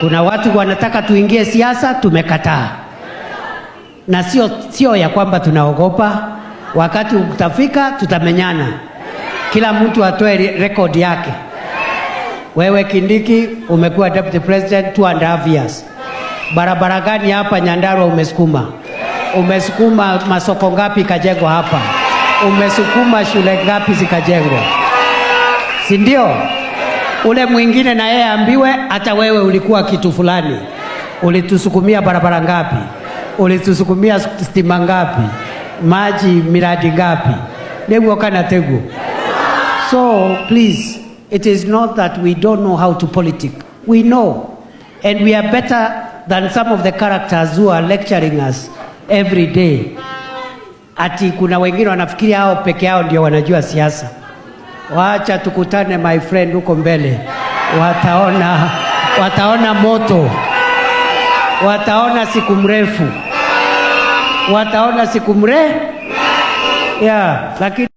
Kuna watu wanataka tuingie siasa, tumekataa. Na sio sio ya kwamba tunaogopa, wakati utafika tutamenyana, kila mtu atoe rekodi yake. Wewe Kindiki, umekuwa deputy president two and a half years. Barabara gani hapa Nyandarua umesukuma? Umesukuma masoko ngapi ikajengwa hapa? Umesukuma shule ngapi zikajengwa, si ndio? ule mwingine na yeye ambiwe, hata wewe ulikuwa kitu fulani, ulitusukumia barabara ngapi, ulitusukumia stima ngapi, maji miradi ngapi, lego kana tego. So please it is not that we don't know how to politic, we know and we are better than some of the characters who are lecturing us every day. Ati kuna wengine wanafikiri hao peke yao ndio wanajua siasa. Waacha tukutane my friend huko mbele, wataona, wataona moto, wataona siku mrefu, wataona siku mrefu yeah, lakini